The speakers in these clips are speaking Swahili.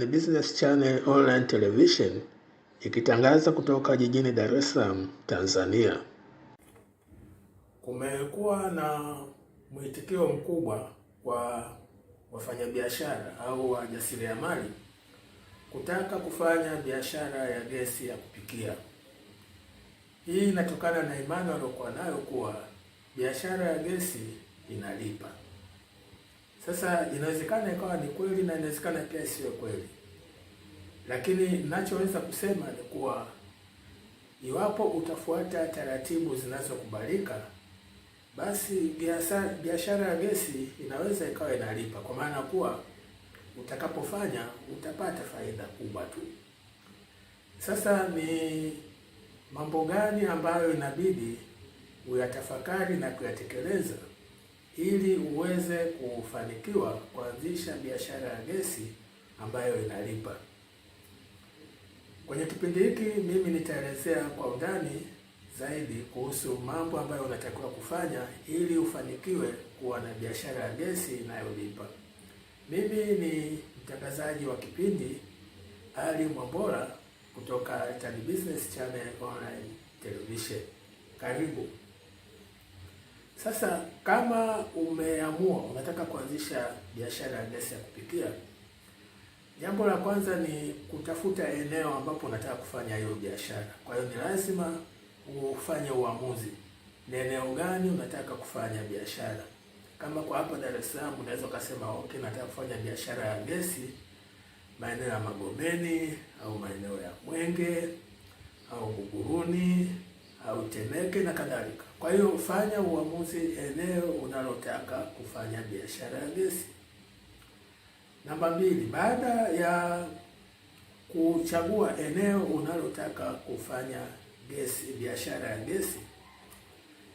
ni Business Channel Online Television ikitangaza kutoka jijini Dar es Salaam, Tanzania. Kumekuwa na mwitikio mkubwa kwa wafanyabiashara au wajasiriamali kutaka kufanya biashara ya gesi ya kupikia. Hii inatokana na imani waliokuwa nayo kuwa biashara ya gesi inalipa. Sasa inawezekana ikawa ni kweli na inawezekana pia sio kweli, lakini ninachoweza kusema ni kuwa iwapo utafuata taratibu zinazokubalika, basi biashara ya gesi inaweza ikawa inalipa, kwa maana kuwa utakapofanya utapata faida kubwa tu. Sasa ni mambo gani ambayo inabidi uyatafakari na kuyatekeleza ili uweze kufanikiwa kuanzisha biashara ya gesi ambayo inalipa. Kwenye kipindi hiki mimi nitaelezea kwa undani zaidi kuhusu mambo ambayo unatakiwa kufanya ili ufanikiwe kuwa na biashara ya gesi inayolipa. Mimi ni mtangazaji wa kipindi Ali Mwambola kutoka Tan Business Channel Online Television. Karibu. Sasa kama umeamua unataka kuanzisha biashara ya gesi ya kupikia, jambo la kwanza ni kutafuta eneo ambapo unataka kufanya hiyo biashara. Kwa hiyo ni lazima ufanye uamuzi ni eneo gani unataka kufanya biashara. Kama kwa hapa Dar es Salaam unaweza ukasema okay, nataka kufanya biashara ya gesi maeneo ya Magomeni au maeneo ya Mwenge au Buguruni au Temeke na kadhalika. Kwa hiyo fanya uamuzi eneo unalotaka kufanya biashara ya gesi. Namba mbili, baada ya kuchagua eneo unalotaka kufanya gesi, biashara ya gesi,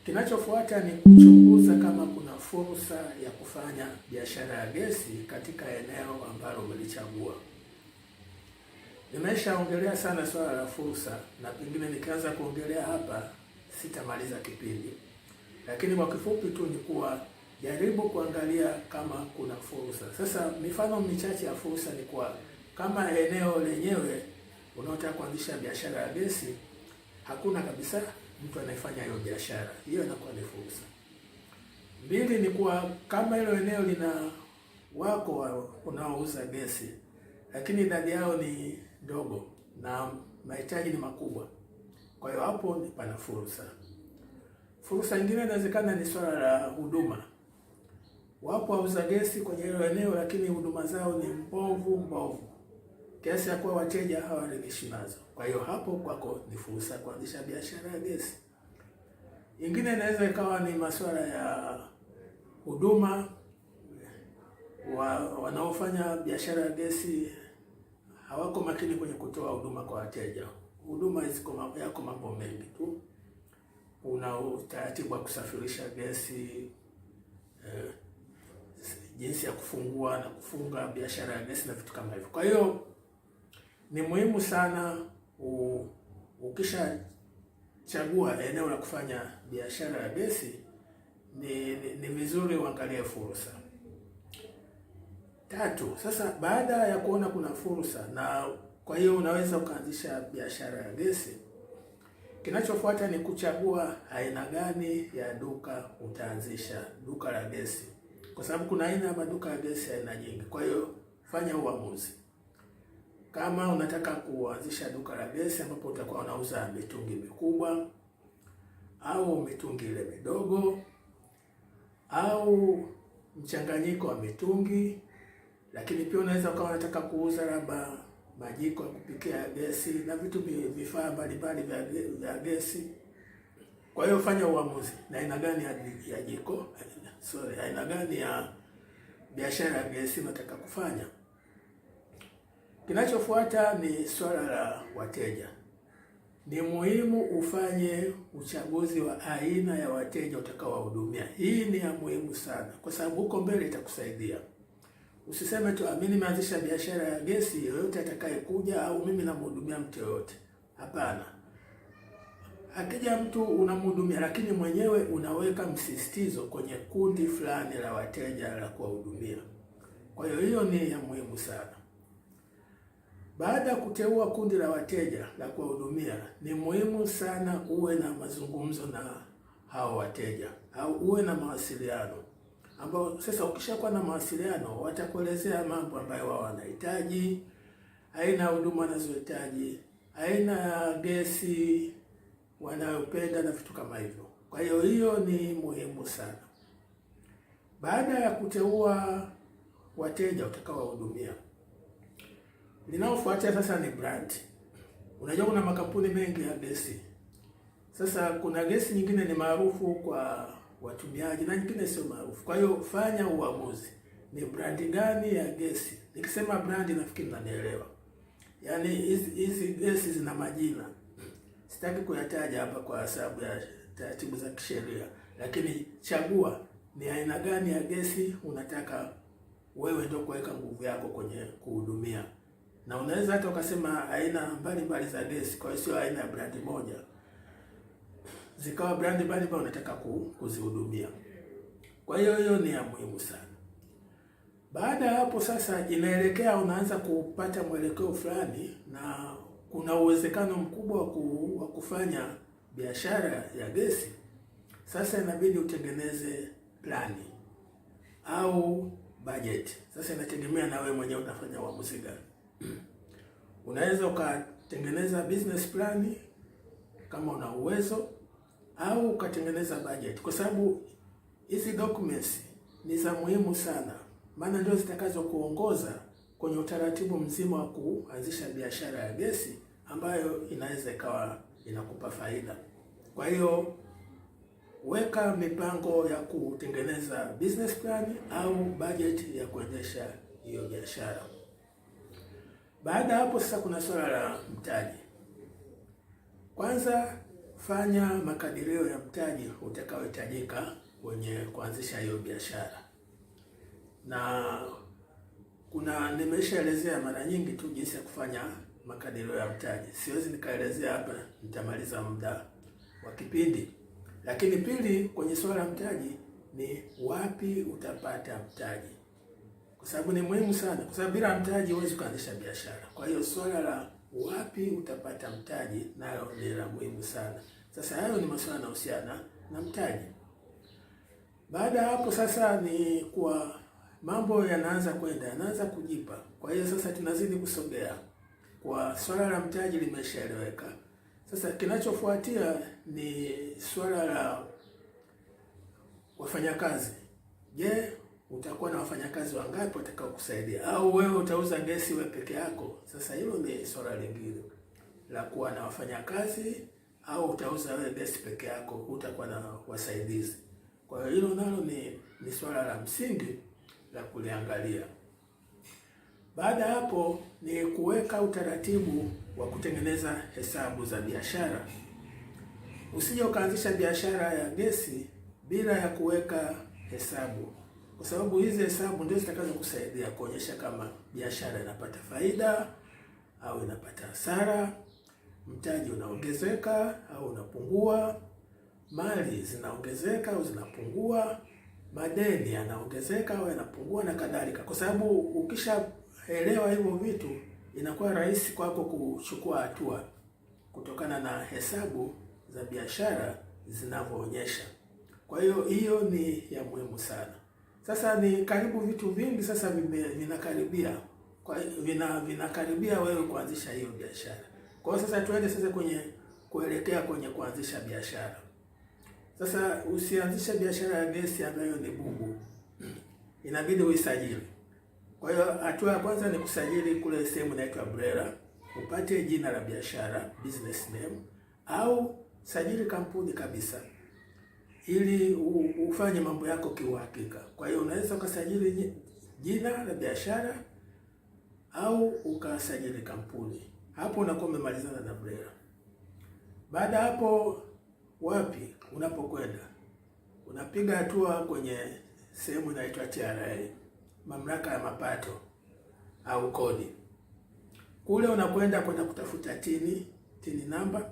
kinachofuata ni kuchunguza kama kuna fursa ya kufanya biashara ya gesi katika eneo ambalo umelichagua. Nimeshaongelea sana swala la fursa na pengine nikaanza kuongelea hapa sitamaliza kipindi, lakini kwa kifupi tu ni kuwa jaribu kuangalia kama kuna fursa. Sasa mifano michache ya fursa ni kuwa kama eneo lenyewe unaotaka kuanzisha biashara ya gesi hakuna kabisa mtu anayefanya hiyo biashara, hiyo inakuwa ni fursa. Mbili ni kuwa kama hilo eneo lina wako unaouza gesi, lakini idadi yao ni ndogo na mahitaji ni makubwa, kwa hiyo hapo ni pana fursa. Fursa nyingine inawezekana ni swala la huduma. Wapo wauza gesi kwenye hilo eneo, lakini huduma zao ni mbovu mbovu kiasi ya kuwa wateja hawaridhishwi nazo. Kwa hiyo hapo kwako ni fursa ya kuanzisha biashara ya gesi. Ingine inaweza ikawa ni masuala ya huduma wa, wanaofanya biashara ya gesi hawako makini kwenye kutoa huduma kwa wateja huduma isiko yako mambo mengi tu. Una utaratibu wa kusafirisha gesi eh, jinsi ya kufungua na kufunga biashara ya gesi na vitu kama hivyo. Kwa hiyo ni muhimu sana u, ukishachagua eneo la kufanya biashara ya gesi ni, ni, ni vizuri uangalie fursa. Tatu, sasa baada ya kuona kuna fursa na kwa hiyo unaweza ukaanzisha biashara ya gesi. Kinachofuata ni kuchagua aina gani ya duka utaanzisha duka la gesi, kwa sababu kuna aina ya maduka ya gesi aina nyingi. Kwa hiyo fanya uamuzi kama unataka kuanzisha duka la gesi ambapo utakuwa unauza mitungi mikubwa au mitungi ile midogo au mchanganyiko wa mitungi, lakini pia unaweza ukawa unataka kuuza labda majiko ya kupikia ya gesi na vitu vifaa mbalimbali vya gesi. Kwa hiyo fanya uamuzi, na aina gani ya jiko sorry, aina gani ya biashara ya gesi nataka kufanya. Kinachofuata ni swala la wateja. Ni muhimu ufanye uchaguzi wa aina ya wateja utakaowahudumia. Hii ni ya muhimu sana, kwa sababu huko mbele itakusaidia. Usiseme tu ah, mimi nimeanzisha biashara ya gesi, yoyote atakayekuja au mimi namhudumia mtu yoyote. Hapana, akija mtu unamhudumia, lakini mwenyewe unaweka msisitizo kwenye kundi fulani la wateja la kuwahudumia. Kwa hiyo hiyo ni ya muhimu sana. Baada ya kuteua kundi la wateja la kuwahudumia, ni muhimu sana uwe na mazungumzo na hao wateja au uwe na mawasiliano ambao sasa ukishakuwa na mawasiliano watakuelezea mambo ambayo wao wanahitaji, aina ya huduma wanazohitaji, aina ya gesi wanayopenda na vitu kama hivyo. Kwa hiyo hiyo ni muhimu sana. Baada ya kuteua wateja utakaowahudumia, linaofuatia sasa ni brand. Unajua kuna makampuni mengi ya gesi. Sasa kuna gesi nyingine ni maarufu kwa watumiaji na nyingine sio maarufu. Kwa hiyo fanya uamuzi, ni brandi gani ya gesi? Nikisema brandi, nafikiri mnanielewa. Yaani hizi gesi zina majina, sitaki kuyataja hapa kwa sababu ya taratibu za kisheria, lakini chagua ni aina gani ya gesi unataka wewe ndio kuweka nguvu yako kwenye kuhudumia, na unaweza hata ukasema aina mbalimbali za gesi, kwa hiyo sio aina ya brandi moja zikawa brandi mbalimbali unataka kuzihudumia. Kwa hiyo hiyo ni ya muhimu sana. Baada ya hapo sasa, inaelekea unaanza kupata mwelekeo fulani, na kuna uwezekano mkubwa wa kufanya biashara ya gesi. Sasa inabidi utengeneze plani au budget. Sasa inategemea na wewe mwenyewe utafanya uamuzi gani. Unaweza ukatengeneza business plan kama una uwezo au ukatengeneza budget, kwa sababu hizi documents ni za muhimu sana, maana ndio zitakazo kuongoza kwenye utaratibu mzima wa kuanzisha biashara ya gesi ambayo inaweza ikawa inakupa faida. Kwa hiyo weka mipango ya kutengeneza business plan au budget ya kuendesha hiyo biashara. Baada ya hapo sasa, kuna swala la mtaji. Kwanza Fanya makadirio ya mtaji utakaohitajika kwenye kuanzisha hiyo biashara, na kuna nimeshaelezea mara nyingi tu jinsi ya kufanya makadirio ya mtaji. Siwezi nikaelezea hapa, nitamaliza muda wa kipindi. Lakini pili, kwenye suala la mtaji ni wapi utapata mtaji, kwa sababu ni muhimu sana, kwa sababu bila mtaji huwezi kuanzisha biashara. Kwa hiyo suala la wapi utapata mtaji, nayo ni la muhimu sana. Sasa hayo ni masuala yanahusiana na mtaji. Baada ya hapo sasa ni kwa mambo yanaanza kwenda yanaanza kujipa. Kwa hiyo sasa tunazidi kusogea, kwa swala la mtaji limeshaeleweka. Sasa kinachofuatia ni swala la wafanyakazi. Je, utakuwa na wafanyakazi wangapi watakao kusaidia, au wewe utauza gesi wewe peke yako? Sasa hilo ni swala lingine la kuwa na wafanyakazi, au utauza wewe gesi peke yako, utakuwa na wasaidizi. Kwa hiyo hilo nalo ni, ni swala la msingi la kuliangalia. Baada ya hapo ni kuweka utaratibu wa kutengeneza hesabu za biashara. Usije ukaanzisha biashara ya gesi bila ya kuweka hesabu kwa sababu hizi hesabu ndio zitakazo kusaidia kuonyesha kama biashara inapata faida au inapata hasara, mtaji unaongezeka au unapungua, mali zinaongezeka au zinapungua, madeni yanaongezeka au yanapungua na kadhalika. Kwa sababu ukishaelewa hivyo vitu, inakuwa rahisi kwako kuchukua hatua kutokana na hesabu za biashara zinavyoonyesha. Kwa hiyo hiyo ni ya muhimu sana. Sasa ni karibu vitu vingi sasa vinakaribia kwa vina vinakaribia wewe kuanzisha hiyo biashara. Kwa hiyo sasa tuende sasa kwenye kuelekea kwenye kuanzisha biashara. Sasa usianzishe biashara ya gesi ambayo ni bubu. Inabidi uisajili. Kwa hiyo hatua ya kwanza ni kusajili kule sehemu inaitwa BRELA, upate jina la biashara, business name au sajili kampuni kabisa ili ufanye mambo yako kiuhakika. Kwa hiyo unaweza ukasajili jina la biashara au ukasajili kampuni, hapo unakuwa umemalizana na BRELA. Baada hapo, wapi unapokwenda, unapiga hatua kwenye sehemu inaitwa TRA, mamlaka ya mapato au kodi. Kule unakwenda kwenda kutafuta tini tini namba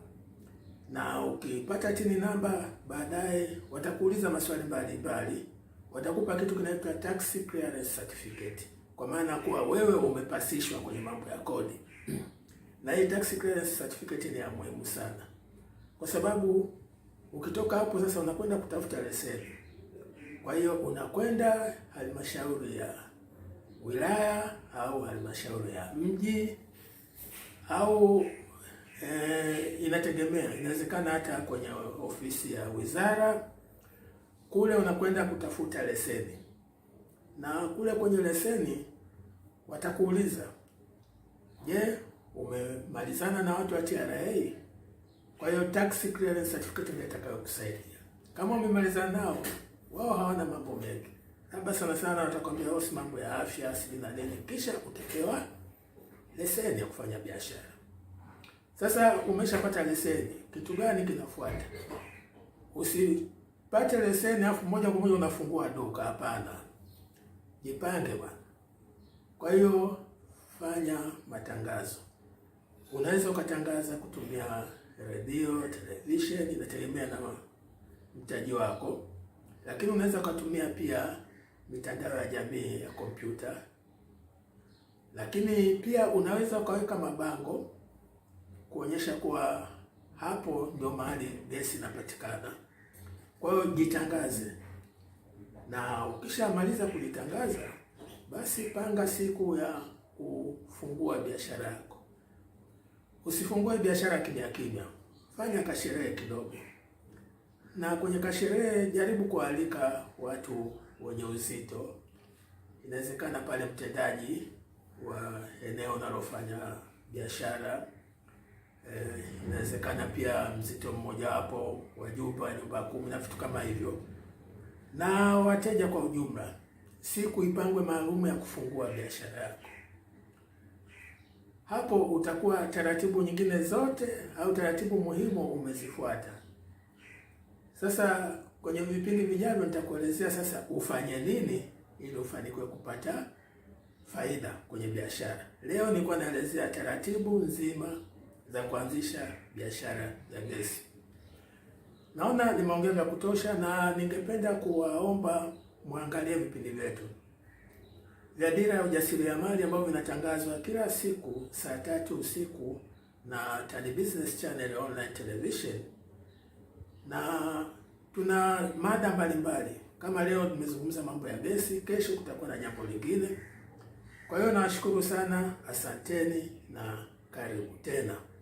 na ukipata tini namba baadaye watakuuliza maswali mbalimbali, watakupa kitu kinaitwa tax clearance certificate, kwa maana kuwa wewe umepasishwa kwenye mambo ya kodi na hii tax clearance certificate ni ya muhimu sana, kwa sababu ukitoka hapo sasa unakwenda kutafuta leseni. Kwa hiyo unakwenda halmashauri ya wilaya au halmashauri ya mji au eh, inategemea. Inawezekana hata kwenye ofisi ya wizara kule unakwenda kutafuta leseni, na kule kwenye leseni watakuuliza, je, umemalizana na watu wa TRA? Kwa hiyo tax clearance certificate ndio itakayokusaidia. Kama umemalizana nao, wao hawana mambo mengi, labda sana sana watakwambia oh, mambo ya afya si na nini, kisha utapewa leseni ya kufanya biashara. Sasa umeshapata leseni, kitu gani kinafuata? Usipate leseni afu moja kwa moja unafungua duka, hapana. Jipange bwana. Kwa hiyo fanya matangazo. Unaweza ukatangaza kutumia redio, television, inategemea na mtaji wako, lakini unaweza ukatumia pia mitandao ya jamii ya kompyuta, lakini pia unaweza ukaweka mabango kuonyesha kuwa hapo ndio mahali gesi inapatikana. Kwa hiyo jitangaze, na ukishamaliza kujitangaza, basi panga siku ya kufungua biashara yako. Usifungue biashara kimya kimya, fanya kasherehe kidogo, na kwenye kasherehe jaribu kualika watu wenye uzito. Inawezekana pale mtendaji wa eneo unalofanya biashara Eh, inawezekana pia mzito mmoja wapo wajumba nyumba kumi na vitu kama hivyo, na wateja kwa ujumla. Siku ipangwe maalum ya kufungua biashara yako, hapo utakuwa taratibu nyingine zote au taratibu muhimu umezifuata. Sasa kwenye vipindi vijavyo nitakuelezea sasa ufanye nini ili ufanikiwe kupata faida kwenye biashara. Leo nilikuwa naelezea taratibu nzima za kuanzisha biashara za gesi. Naona nimeongea vya kutosha, na ningependa kuwaomba mwangalie vipindi vyetu vya Dira ya Ujasiriamali ambavyo vinatangazwa kila siku saa tatu usiku na Tan Business Channel Online Television, na tuna mada mbalimbali kama leo tumezungumza mambo ya gesi, kesho kutakuwa na jambo lingine. Kwa hiyo nawashukuru sana, asanteni na karibu tena.